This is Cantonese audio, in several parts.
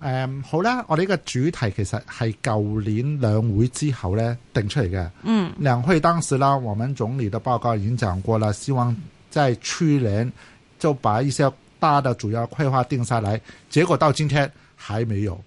誒、um, 好啦，我哋呢個主題其實係舊年兩會之後咧定出嚟嘅。嗯，兩會當時啦，我們總理嘅報告已經講過啦，希望在去年就把一些大的主要規劃定下來，結果到今天還沒有。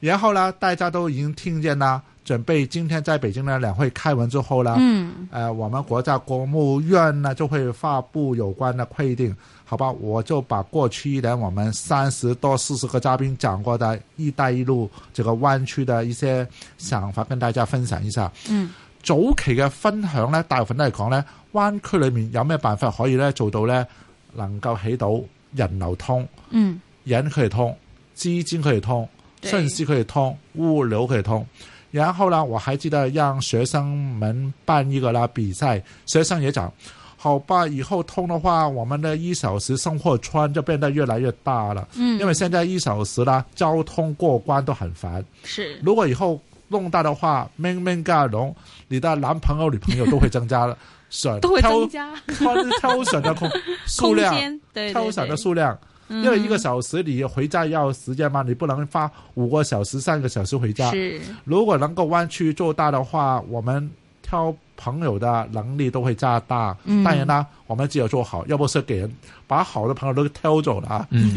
然後呢，大家都已經聽見啦。準備今天在北京的兩會開完之後咧，誒、嗯呃，我們國家國務院呢就會發布有關的規定。好吧，我就把過去一年我們三十多四十個嘉賓講過的“一帶一路”這個灣區的一些想法，跟大家分享一下。嗯，早期的分享呢大部分都係講咧，灣區裏面有咩辦法可以呢做到呢能夠起到人流通，嗯，人可以通，資金可以通。信對息可以通，物流可以通，然後呢，我還記得讓學生們辦一個啦比賽，學生也講，好吧，以後通的話，我們的一小時生活圈就變得越來越大了。嗯，因為現在一小時啦，交通過關都很煩。是。如果以後弄大的話，面面兼容，你的男朋友、女朋友都會增加了。選 都會增加。挑挑選的空， 空間挑選的數量，對，對，對挑選的數量。要一個小時，你回家要時間嗎？嗯、你不能發五個小時、三個小時回家。是，如果能夠灣區做大的話，我們挑。朋友的能力都可以渣得。當然啦，我們只有做好，又不是給人把好的朋友都挑咗了、嗯、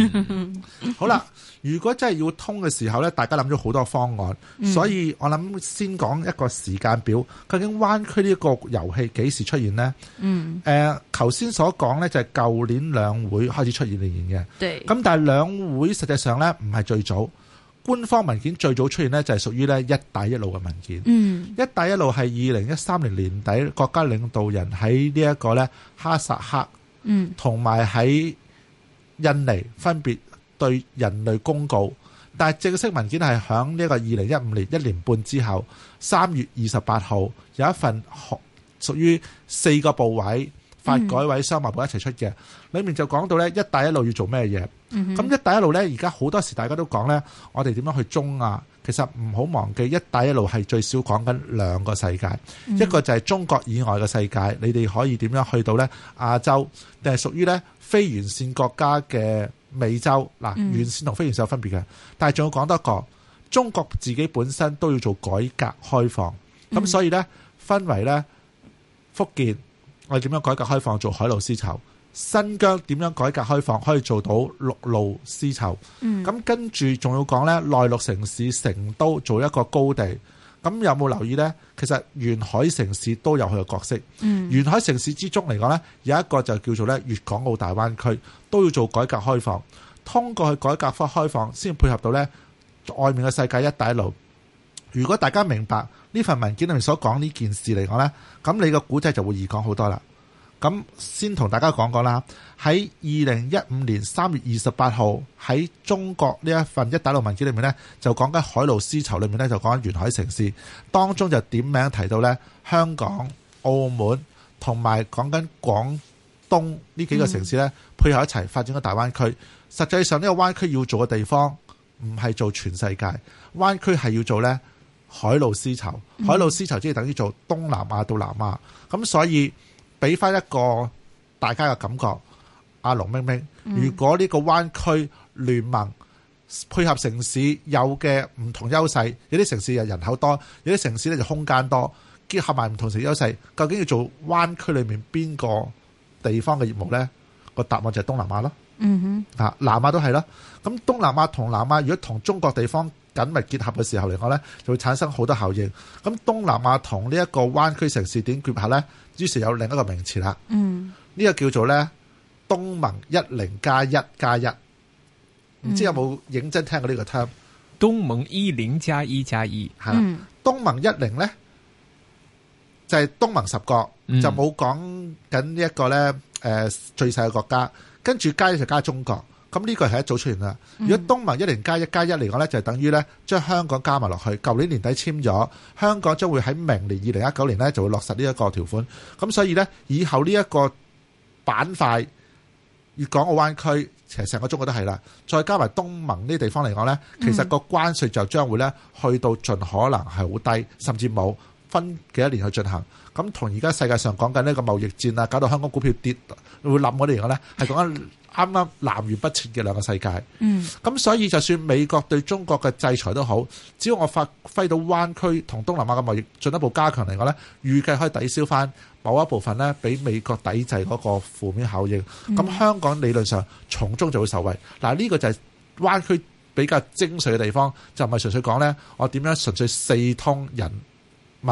好啦，如果真係要通嘅時候咧，大家諗咗好多方案，所以我諗先講一個時間表，嗯、究竟灣區呢個遊戲幾時出現呢？嗯，誒、呃，頭先所講咧就係舊年兩會開始出現嚟嘅，對，咁但係兩會實際上咧唔係最早。官方文件最早出現呢，就係屬於咧“一帶一路”嘅文件。嗯，一帶一路係二零一三年年底國家領導人喺呢一個咧哈薩克，嗯，同埋喺印尼分別對人類公告，但係正式文件係喺呢一個二零一五年一年半之後，三月二十八號有一份學屬於四個部委。法改委、商埋部一齊出嘅，裏面就講到呢，「一帶一路要做咩嘢？咁、mm hmm. 一帶一路呢，而家好多時大家都講呢，我哋點樣去中亞？其實唔好忘記一帶一路係最少講緊兩個世界，mm hmm. 一個就係中國以外嘅世界，你哋可以點樣去到呢？亞洲？定係屬於呢？非完善國家嘅美洲？嗱、mm，hmm. 完善同非完善有分別嘅。但係仲要講多一個，中國自己本身都要做改革開放，咁、mm hmm. 所以呢，分為呢福建。我哋點樣改革開放做海路絲綢？新疆點樣改革開放可以做到陸路絲綢？咁、嗯、跟住仲要講呢內陸城市成都做一個高地。咁有冇留意呢？其實沿海城市都有佢嘅角色。嗯、沿海城市之中嚟講呢，有一個就叫做咧粵港澳大灣區，都要做改革開放。通過去改革開放，先配合到呢外面嘅世界一帶一路。如果大家明白。呢份文件裏面所講呢件事嚟講呢，咁你嘅故仔就會易講好多啦。咁先同大家講講啦，喺二零一五年三月二十八號喺中國呢一份一帶一路文件裏面呢，就講緊海路絲綢裏面呢，就講緊沿海城市，當中就點名提到呢，香港、澳門同埋講緊廣東呢幾個城市呢，嗯、配合一齊發展咗大灣區。實際上呢個灣區要做嘅地方唔係做全世界，灣區係要做呢。海路絲綢，海路絲綢即係等於做東南亞到南亞，咁、嗯、所以俾翻一個大家嘅感覺。阿龍明明，如果呢個灣區聯盟配合城市有嘅唔同優勢，有啲城市又人口多，有啲城市咧就空間多，結合埋唔同城市的優勢，究竟要做灣區裏面邊個地方嘅業務呢？個答案就係東南亞咯。嗯哼，南亞都係啦。咁東南亞同南亞，如果同中國地方。緊密結合嘅時候嚟講咧，就會產生好多效應。咁東南亞同呢一個灣區城市點結合咧，於是有另一個名詞啦。嗯，呢個叫做咧東盟一零加一加一。唔、嗯、知有冇認真聽過呢個 term？東盟一零加一加一嚇。1, 啊嗯、東盟一零咧就係、是、東盟十國，就冇講緊呢一個咧誒最細嘅國家，跟住加一就加中國。咁呢個係一早出現啦。如果東盟一零加一加一嚟講咧，就係等於咧將香港加埋落去。舊年年底簽咗，香港將會喺明年二零一九年咧就會落實呢一個條款。咁所以咧，以後呢一個板塊，粵港澳灣區其實成個中國都係啦。再加埋東盟呢啲地方嚟講咧，其實個關稅就將會咧去到盡可能係好低，甚至冇分幾多年去進行。咁同而家世界上講緊呢個貿易戰啊，搞到香港股票跌，會諗嗰啲嚟講咧係講緊。啱啱南轅北轍嘅兩個世界，嗯、咁、所以就算美國對中國嘅制裁都好，只要我發揮到灣區同東南亞嘅貿易進一步加強嚟講咧，預計可以抵消翻某一部分咧，俾美國抵制嗰個負面效應，咁、嗯、香港理論上從中就會受惠。嗱呢個就係灣區比較精髓嘅地方，就唔係純粹講咧，我點樣純粹四通人、物、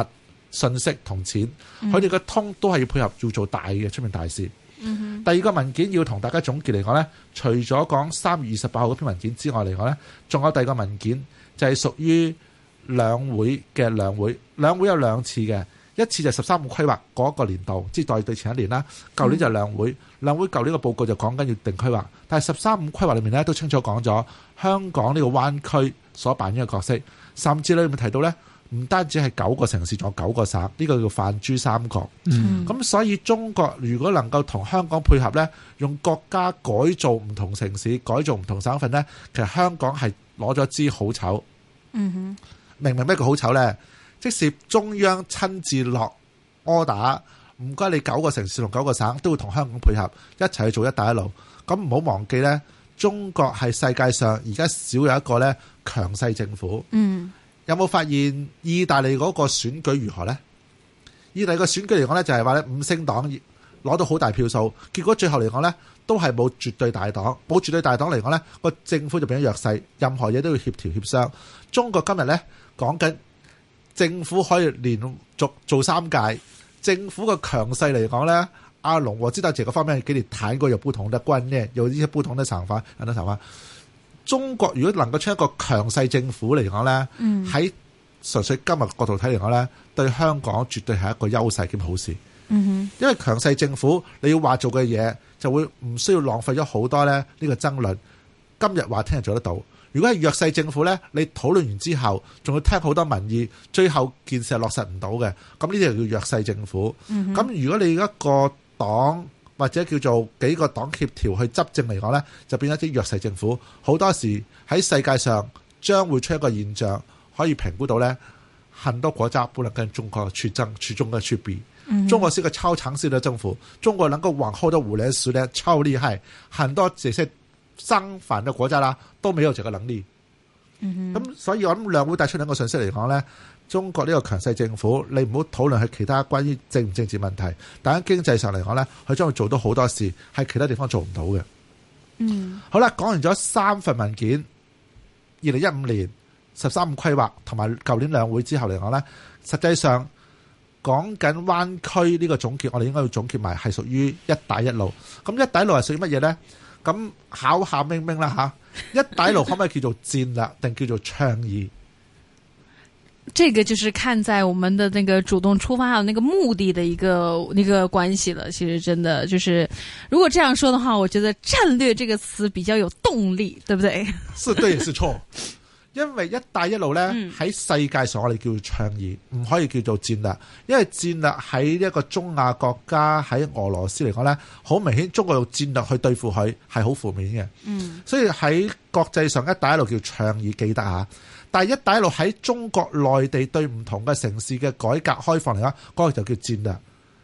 信息同錢，佢哋嘅通都係要配合要做大嘅出面大事。嗯、第二個文件要同大家總結嚟講呢，除咗講三月二十八號嗰篇文件之外嚟講呢，仲有第二個文件就係屬於兩會嘅。兩會兩會有兩次嘅，一次就十三五規劃嗰個年度，即係代對前一年啦。舊年就兩會兩、嗯、會舊年個報告就講緊要定規劃，但係十三五規劃裏面呢，都清楚講咗香港呢個灣區所扮演嘅角色，甚至你有冇提到呢？唔單止係九個城市，仲有九個省，呢個叫泛珠三角。咁，嗯哼，所以中國如果能夠同香港配合呢，用國家改造唔同城市、改造唔同省份呢，其實香港係攞咗支好丑。嗯哼，明明咩叫好丑呢？即使中央親自落 order，唔該你九個城市同九個省都會同香港配合一齊去做一帶一路。咁唔好忘記呢，中國係世界上而家少有一個呢，強勢政府。嗯。有冇發現意大利嗰個選舉如何呢？意大利個選舉嚟講呢，就係話五星黨攞到好大票數，結果最後嚟講呢，都係冇絕對大黨。冇絕對大黨嚟講呢，個政府就變咗弱勢，任何嘢都要協調協商。中國今日呢，講緊政府可以連續做三屆，政府個強勢嚟講呢，阿龍我知道自己個方面幾年坦過不的軍又不同得均呢，有呢啲不同的想法，有同的法。中國如果能夠出一個強勢政府嚟講咧，喺、mm hmm. 純粹今日角度睇嚟講呢，對香港絕對係一個優勢兼好事。嗯哼、mm，hmm. 因為強勢政府你要話做嘅嘢就會唔需要浪費咗好多咧，呢個爭論。今日話聽日做得到，如果係弱勢政府呢，你討論完之後仲要聽好多民意，最後件事係落實唔到嘅，咁呢啲就叫弱勢政府。咁、mm hmm. 如果你一個黨，或者叫做幾個黨協調去執政嚟講咧，就變咗啲弱勢政府。好多時喺世界上將會出一個現象，可以評估到咧，很多國家不能跟中國去爭、去中嘅去比。中國是一個超強勢嘅政府，中國能夠往後的五年、十年超厲害，很多這些爭反嘅國家啦，都沒有這個能力。咁、嗯、哼所以我諗兩會帶出兩個信息嚟講咧。中國呢個強勢政府，你唔好討論係其他關於政唔政治問題，但喺經濟上嚟講呢，佢將會做到好多事，係其他地方做唔到嘅。嗯，好啦，講完咗三份文件，二零一五年十三五規劃同埋舊年兩會之後嚟講呢，實際上講緊灣區呢個總結，我哋應該要總結埋係屬於一帶一,一路。咁一帶一路係屬於乜嘢呢？咁考下明明啦吓，一帶一路可唔可以叫做戰略，定 叫做倡議？這個就是看在我們的那個主動出發還有那個目的的一個那個關係了。其實真的就是，如果這樣說的話，我覺得“戰略”這個詞比較有動力，對不對？是對也是錯， 因為“一帶一路”呢喺、嗯、世界上我們，我哋叫做倡議，唔可以叫做戰略，因為戰略喺一個中亞國家喺俄羅斯嚟講呢，好明顯中國用戰略去對付佢係好負面嘅。嗯，所以喺國際上“一帶一路”叫倡議，記得吓。但係一帶一路喺中國內地對唔同嘅城市嘅改革開放嚟講，嗰、那個就叫戰略。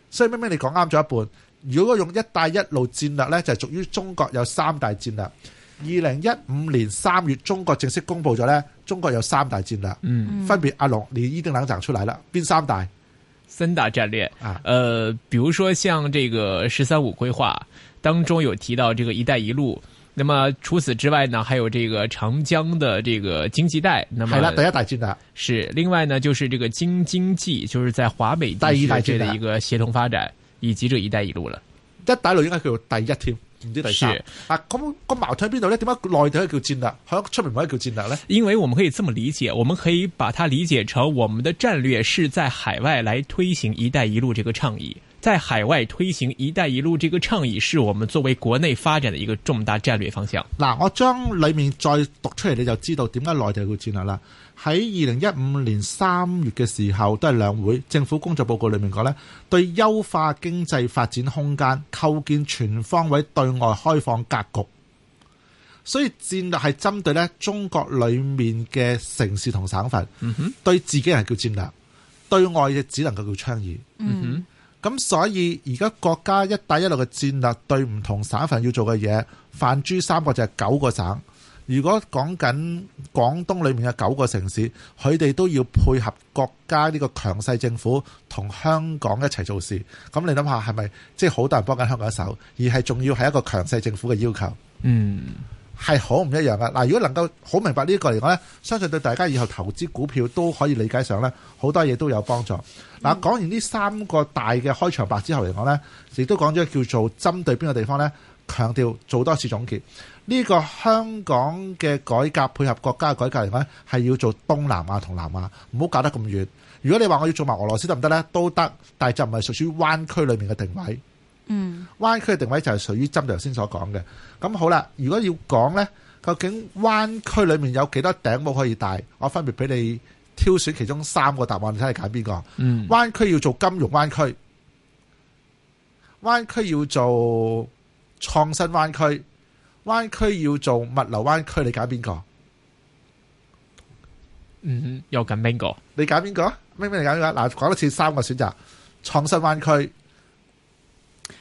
所以明明你講啱咗一半。如果我用一帶一路戰略呢，就係屬於中國有三大戰略。二零一五年三月，中國正式公布咗呢，中國有三大戰略，嗯、分別阿龍，你一定能講出嚟啦。邊三大？三大戰略。誒、呃，譬如說，像這個十三五規劃當中有提到這個一帶一路。那麼除此之外呢，還有這個長江的這個經濟帶，那麼是另外呢，就是這個京津冀，就是在華美第一大區的一個協同發展，以及這一帶一路了。一帶一路應該叫第一，添，唔知第三。是啊，咁個矛盾喺邊度呢？點解內地可以叫戰略，響出面唔可以叫戰略呢？因為我們可以這麼理解，我們可以把它理解成我們的戰略是在海外來推行“一帶一路”這個倡議。在海外推行“一帶一路”這個倡議，是我們作為國內發展的一個重大戰略方向。嗱，我將裏面再讀出嚟，你就知道點解內地叫戰略啦。喺二零一五年三月嘅時候，都係兩會政府工作報告裏面講咧，對優化經濟發展空間，構建全方位對外開放格局。所以戰略係針對咧中國裏面嘅城市同省份，嗯哼。對自己人叫戰略，對外嘅只能夠叫倡議，嗯哼。咁所以而家國家一帶一路嘅戰略對唔同省份要做嘅嘢，泛珠三角就係九個省。如果講緊廣東裏面嘅九個城市，佢哋都要配合國家呢個強勢政府同香港一齊做事。咁你諗下係咪即係好多人幫緊香港手，而係仲要係一個強勢政府嘅要求？嗯，係好唔一樣噶。嗱，如果能夠好明白呢個嚟講呢，相信對大家以後投資股票都可以理解上咧，好多嘢都有幫助。嗱，講、嗯、完呢三個大嘅開場白之後嚟講呢，亦都講咗叫做針對邊個地方呢，強調做多次總結。呢、呢個香港嘅改革配合國家嘅改革嚟講，係要做東南亞同南亞，唔好搞得咁遠。如果你話我要做埋俄羅斯得唔得呢？都得，但係就唔係屬於灣區裏面嘅定位。嗯，灣區嘅定位就係屬於針對頭先所講嘅。咁好啦，如果要講呢，究竟灣區裏面有幾多頂帽可以戴？我分別俾你。挑選其中三個答案，你睇下你揀邊個？嗯、灣區要做金融灣區，灣區要做創新灣區，灣區要做物流灣區，你揀邊個？嗯，有緊邊個？你揀邊個？咩咩你揀邊個？嗱，講多次三個選擇，創新灣區。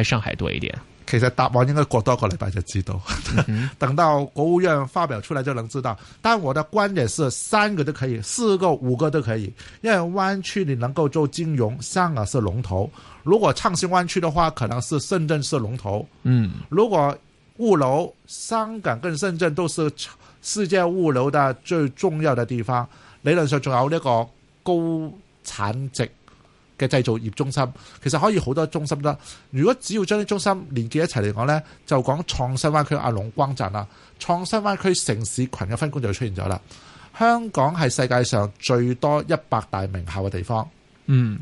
喺上海多一點。其實答案應該過多個禮拜就知道，嗯嗯等到國務院發表出來就能知道。但我的觀點是三個都可以，四個五個都可以。因為灣區你能夠做金融，香港是龍頭；如果創新灣區的話，可能是深圳是龍頭。嗯，如果物流，香港跟深圳都是世界物流的最重要的地方，理論上仲有呢個高產值。嘅製造業中心，其實可以好多中心啦。如果只要將啲中心連結一齊嚟講呢，就講創新灣區、阿龍光站啦。創新灣區城市群嘅分工就出現咗啦。香港係世界上最多一百大名校嘅地方。嗯，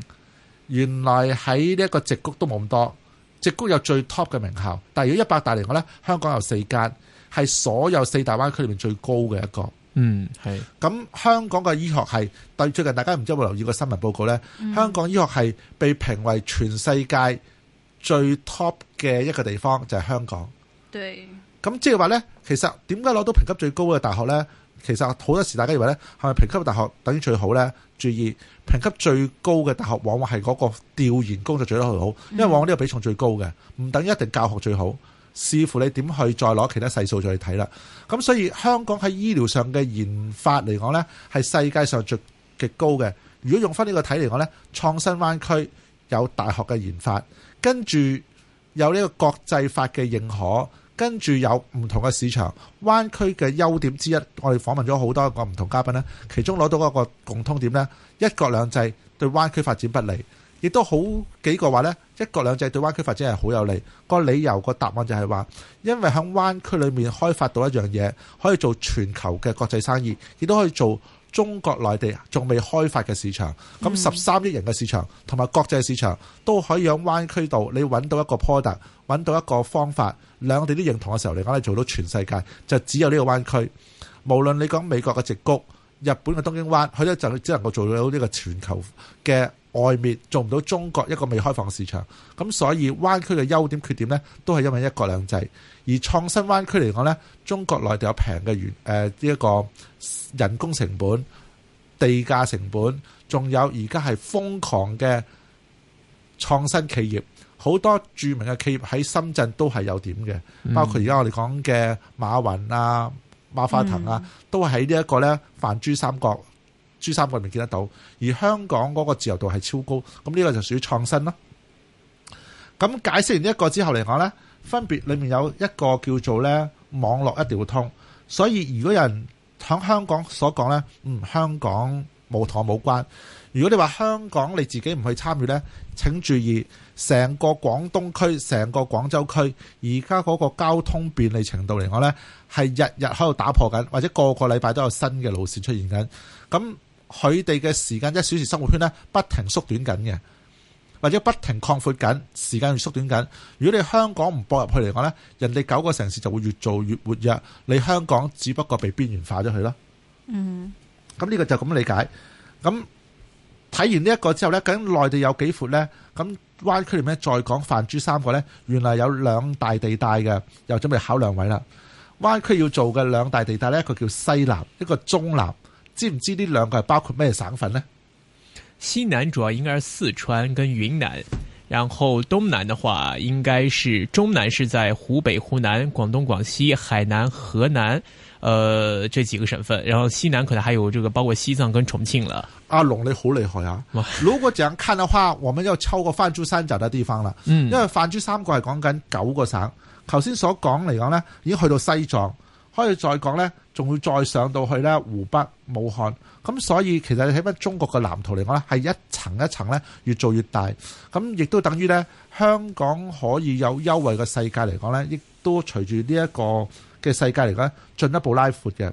原來喺呢一個矽谷都冇咁多，矽谷有最 top 嘅名校，但係如果一百大嚟講呢，香港有四間係所有四大灣區裏面最高嘅一個。嗯，係。咁香港嘅醫學系，但最近大家唔知有冇留意個新聞報告呢？嗯、香港醫學系被評為全世界最 top 嘅一個地方，就係、是、香港。對。咁即係話呢，其實點解攞到評級最高嘅大學呢？其實好多時大家以為呢係咪評級嘅大學等於最好呢？注意，評級最高嘅大學往往係嗰個調研工作做得最好，因為往往呢個比重最高嘅，唔等於一定教學最好。視乎你點去再攞其他細數再去睇啦，咁所以香港喺醫療上嘅研發嚟講呢，係世界上最極高嘅。如果用翻呢個睇嚟講呢，創新灣區有大學嘅研發，跟住有呢個國際法嘅認可，跟住有唔同嘅市場。灣區嘅優點之一，我哋訪問咗好多個唔同嘉賓呢，其中攞到嗰個共通點呢，一國兩制對灣區發展不利。亦都好幾個話咧，一國兩制對灣區發展係好有利。個理由、個答案就係話，因為喺灣區裏面開發到一樣嘢，可以做全球嘅國際生意，亦都可以做中國內地仲未開發嘅市場，咁十三億人嘅市場同埋國際市場都可以喺灣區度，你揾到一個 product，揾到一個方法，兩地都認同嘅時候嚟講，你做到全世界就只有呢個灣區，無論你講美國嘅直谷、日本嘅東京灣，佢都就只能夠做到呢個全球嘅。外面做唔到中國一個未開放市場，咁所以灣區嘅優點缺點咧，都係因為一國兩制。而創新灣區嚟講咧，中國內地有平嘅原誒呢一個人工成本、地價成本，仲有而家係瘋狂嘅創新企業，好多著名嘅企業喺深圳都係有點嘅，嗯、包括而家我哋講嘅馬雲啊、馬化騰啊，都喺呢一個咧泛珠三角。珠三角入面見得到，而香港嗰個自由度係超高，咁呢個就屬於創新啦。咁解釋完一個之後嚟講呢，分別裏面有一個叫做呢網絡一定通，所以如果有人喺香港所講呢，嗯，香港冇妥冇關。如果你話香港你自己唔去參與呢，請注意成個廣東區、成個廣州區而家嗰個交通便利程度嚟講呢係日日喺度打破緊，或者個個禮拜都有新嘅路線出現緊，咁。佢哋嘅時間一小時生活圈呢，不停縮短緊嘅，或者不停擴闊緊，時間越縮短緊。如果你香港唔播入去嚟講呢，人哋九個城市就會越做越活躍，你香港只不過被邊緣化咗佢咯。嗯，咁呢個就咁理解。咁睇完呢一個之後呢，究竟內地有幾闊呢？咁灣區入面再講泛珠三角呢，原來有兩大地帶嘅，又準備考兩位啦。灣區要做嘅兩大地帶呢，佢叫西南，一個中南。知唔知呢兩個係包括咩省份呢？西南主要應該係四川跟雲南，然後東南的話，應該是中南，是在湖北、湖南、廣東、廣西、海南、河南，呃，這幾個省份。然後西南可能還有這個包括西藏跟重慶了。阿龍你好厲害啊！ 如果這樣看的話，我們又超過泛珠三角的地方了。嗯，因為泛珠三角係講緊九個省，頭先所講嚟講呢，已經去到西藏，可以再講呢。仲會再上到去咧，湖北武漢，咁所以其實喺乜中國嘅藍圖嚟講咧，係一層一層咧越做越大，咁亦都等於咧香港可以有優惠嘅世界嚟講咧，亦都隨住呢一個嘅世界嚟講，進一步拉闊嘅。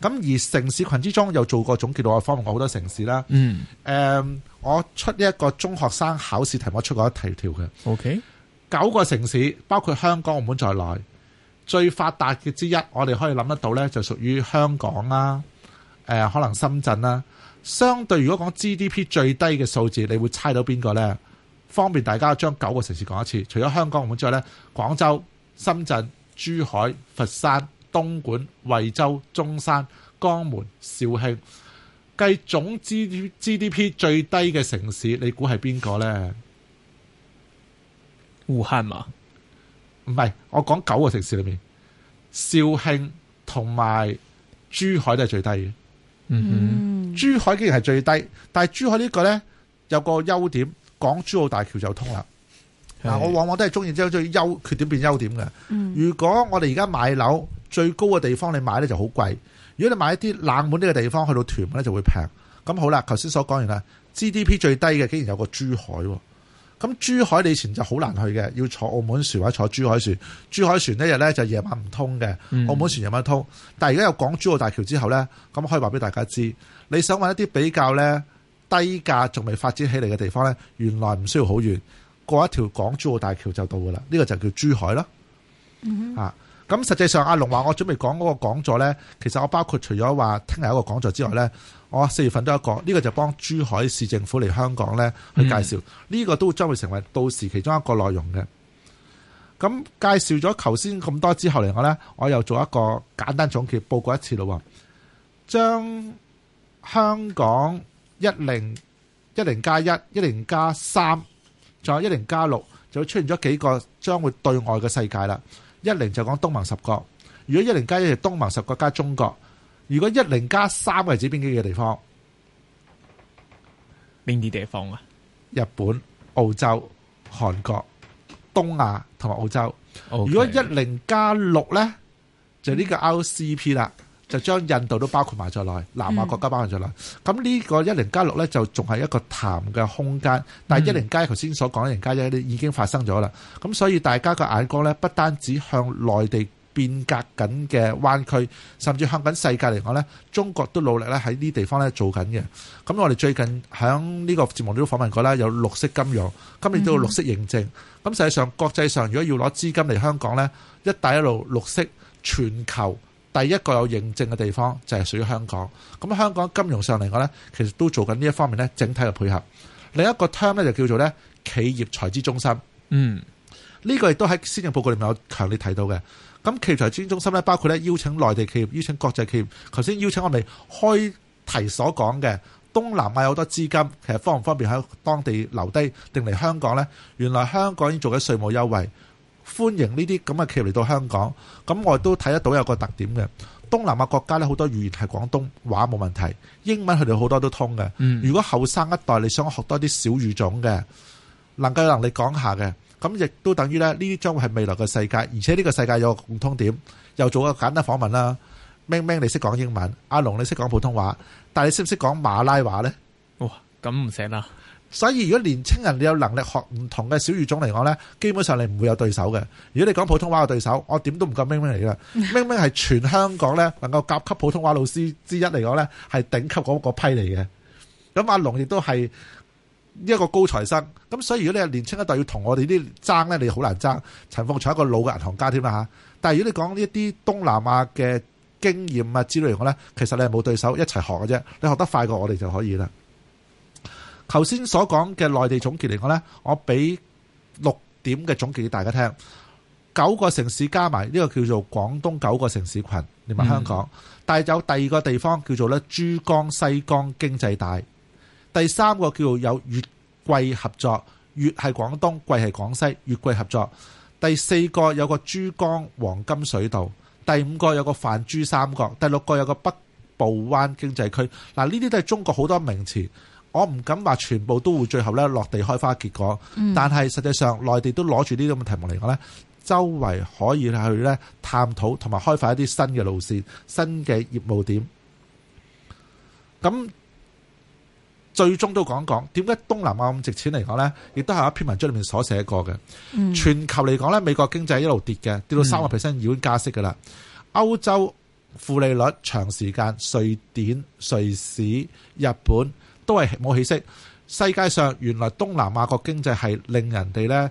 咁而城市群之中又做過總結，我方共好多城市啦。嗯，誒，我出一個中學生考試題目，我出過一條條嘅。O K，九個城市包括香港澳門在內。最發達嘅之一，我哋可以諗得到呢，就屬於香港啦、啊，誒、呃，可能深圳啦、啊。相對如果講 GDP 最低嘅數字，你會猜到邊個呢？方便大家將九個城市講一次，除咗香港澳門之外呢，廣州、深圳、珠海、佛山、東莞、惠州、中山、江門、肇慶，計總 GDP 最低嘅城市，你估係邊個呢？武漢嘛？唔係，我講九個城市裏面，肇慶同埋珠海都係最低嘅。嗯哼，珠海竟然係最低，但係珠海呢個呢，有個優點，港珠澳大橋就通啦。嗱是、啊，我往往都係中意將最優缺點變優點嘅。嗯、如果我哋而家買樓最高嘅地方，你買呢就好貴；如果你買一啲冷門呢個地方，去到屯門呢就會平。咁好啦，頭先所講完啦，GDP 最低嘅竟然有個珠海、哦。咁珠海你以前就好難去嘅，要坐澳門船或者坐珠海船。珠海船呢日呢就夜晚唔通嘅，澳門船夜晚通。但而家有港珠澳大橋之後呢，咁可以話俾大家知，你想揾一啲比較呢低價仲未發展起嚟嘅地方呢，原來唔需要好遠，過一條港珠澳大橋就到噶啦。呢、呢個就叫珠海囉。啊、mm。Hmm. 咁實際上，阿龍話：我準備講嗰個講座呢，其實我包括除咗話聽日一個講座之外呢，我四月份都有一個呢、呢個就幫珠海市政府嚟香港呢去介紹，呢、嗯、個都將會成為到時其中一個內容嘅。咁介紹咗頭先咁多之後嚟講呢，我又做一個簡單總結，報告一次喇喎。將香港一零一零加一、一零加三，仲有一零加六，6, 就會出現咗幾個將會對外嘅世界啦。一零就講東盟十國，如果一零加一就東盟十國加中國，如果一零加三個係指邊啲嘅地方？邊啲地方啊？日本、澳洲、韓國、東亞同埋澳洲。Okay. 如果一零加六呢，就呢個 RCEP 啦。嗯就將印度都包括埋在內，南亞國家包括在內。咁呢個一零加六咧，就仲係一個談嘅空間。但係一零加一頭先所講一零加一咧，已經發生咗啦。咁所以大家嘅眼光咧，不單止向內地變革緊嘅灣區，甚至向緊世界嚟講咧，中國都努力咧喺呢地方咧做緊嘅。咁我哋最近喺呢個節目都訪問過啦，有綠色金融，今年都有綠色認證。咁實際上國際上如果要攞資金嚟香港咧，「一帶一路」綠色全球。第一個有認證嘅地方就係屬於香港，咁香港金融上嚟講呢，其實都做緊呢一方面呢整體嘅配合。另一個 term 呢就叫做呢企業財資中心，嗯，呢個亦都喺施政報告裏面有強烈提到嘅。咁企業財資中心呢，包括呢邀請內地企業、邀請國際企業。頭先邀請我哋開題所講嘅東南亞有好多資金，其實方唔方便喺當地留低定嚟香港呢？原來香港已經做緊稅務優惠。歡迎呢啲咁嘅企業嚟到香港，咁我都睇得到有個特點嘅。東南亞國家咧，好多語言係廣東話冇問題，英文佢哋好多都通嘅。如果後生一代你想學多啲小語種嘅，能夠有能力講下嘅，咁亦都等於咧呢啲將會係未來嘅世界。而且呢個世界有個共通點。又做個簡單訪問啦，明明你識講英文，阿龍你識講普通話，但係你識唔識講馬拉話呢？哦，咁唔醒啦。所以如果年青人你有能力學唔同嘅小語種嚟講呢，基本上你唔會有對手嘅。如果你講普通話嘅對手，我點都唔夠明明嚟㗎， 明明係全香港呢能夠夾級普通話老師之一嚟講呢係頂級嗰個批嚟嘅。咁、啊、阿龍亦都係一個高材生。咁所以如果你係年青一代要同我哋啲爭呢，你好難爭。陳鳳翔一個老嘅銀行家添啦嚇。但係如果你講呢一啲東南亞嘅經驗啊之類嚟講呢，其實你係冇對手，一齊學嘅啫。你學得快過我哋就可以啦。頭先所講嘅內地總結嚟講呢我俾六點嘅總結俾大家聽。九個城市加埋呢、呢個叫做廣東九個城市群，你埋香港。嗯、但係有第二個地方叫做咧珠江西江經濟帶。第三個叫做有粵桂合作，粵係廣東，桂係廣西，粵桂合作。第四個有個珠江黃金水道。第五個有個泛珠三角。第六個有個北部灣經濟區。嗱，呢啲都係中國好多名詞。我唔敢話全部都會最後咧落地開花結果，嗯、但係實際上內地都攞住呢啲咁嘅題目嚟講呢周圍可以去咧探討同埋開發一啲新嘅路線、新嘅業務點。咁最終都講講，點解東南亞咁值錢嚟講呢亦都係一篇文章裏面所寫過嘅。嗯、全球嚟講呢美國經濟一路跌嘅，跌到三個 percent 已經加息噶啦。歐、嗯、洲負利率、長時間，瑞典、瑞士、日本。都係冇起色。世界上原來東南亞個經濟係令人哋呢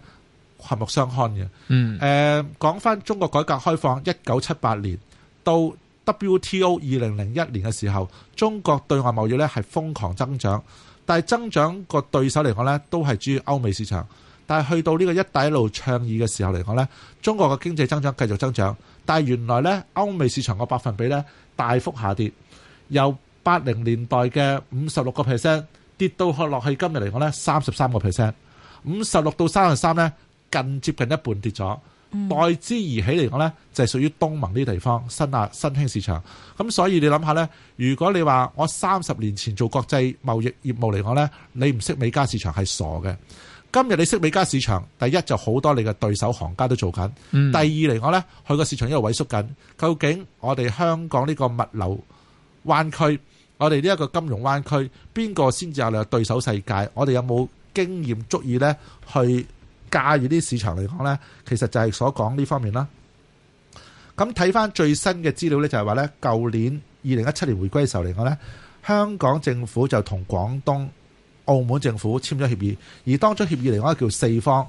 刮目相看嘅。誒，講翻中國改革開放一九七八年到 WTO 二零零一年嘅時候，中國對外貿易呢係瘋狂增長，但係增長個對手嚟講呢，都係主於歐美市場。但係去到呢個一帶一路倡議嘅時候嚟講呢，中國嘅經濟增長繼續增長，但係原來呢，歐美市場個百分比呢大幅下跌，又，八零年代嘅五十六個 percent 跌到落去，今日嚟講呢，三十三個 percent，五十六到三十三呢，近接近一半跌咗，嗯。代之而起嚟講呢，就係屬於東盟呢啲地方，新亞新興市場。咁所以你諗下呢，如果你話我三十年前做國際貿易業務嚟講呢，你唔識美加市場係傻嘅。今日你識美加市場，第一就好多你嘅對手行家都做緊，嗯，第二嚟講呢，佢個市場一路萎縮緊。究竟我哋香港呢個物流灣區？我哋呢一個金融灣區，邊個先至有對手世界？我哋有冇經驗足以呢去駕馭啲市場嚟講呢？其實就係所講呢方面啦。咁睇翻最新嘅資料呢，就係話呢舊年二零一七年回歸嘅時候嚟講呢，香港政府就同廣東、澳門政府簽咗協議，而當中協議嚟講叫四方，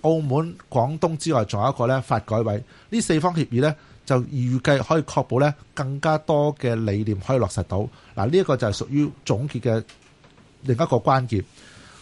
澳門、廣東之外，仲有一個呢，發改委，呢四方協議呢。就預計可以確保咧更加多嘅理念可以落實到嗱，呢一個就係屬於總結嘅另一個關鍵。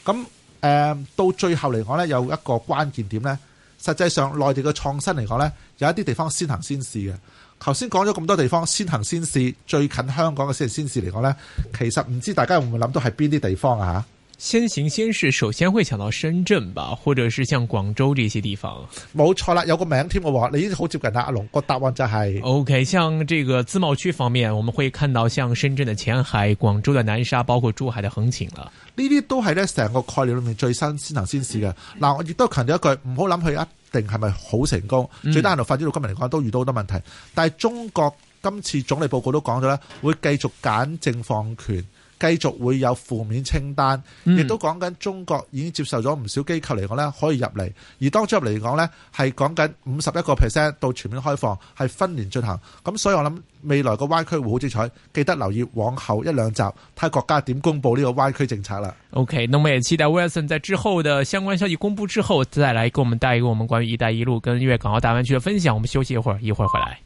咁誒到最後嚟講呢，有一個關鍵點呢，實際上內地嘅創新嚟講呢，有一啲地方先行先試嘅。頭先講咗咁多地方先行先試，最近香港嘅先行先試嚟講呢，其實唔知大家會唔會諗到係邊啲地方啊？先行先試，首先會想到深圳吧，或者是像廣州這些地方。冇錯啦，有個名添嘅，我話你已經好接近啦。阿龍個答案就係，OK。像這個自貿區方面，我們會看到像深圳的前海、廣州的南沙，包括珠海的橫琴啦。呢啲都係咧成個概念裏面最新先行先試嘅。嗱，我亦都強調一句，唔好諗佢一定係咪好成功。最低限度發展到今日嚟講，都遇到好多問題。嗯、但係中國今次總理報告都講咗啦，會繼續簡政放權。繼續會有負面清單，亦都講緊中國已經接受咗唔少機構嚟講呢可以入嚟，而當初入嚟嚟講呢係講緊五十一個 percent 到全面開放係分年進行，咁所以我諗未來個歪區會好精彩，記得留意往後一兩集睇國家點公布呢個歪區政策啦。OK，那麼也期待 Wilson 在之後的相關消息公布之後，再來跟我們帶一個我們關於「一帶一路」跟粵港澳大灣區嘅分享。我們休息一會，一會回來。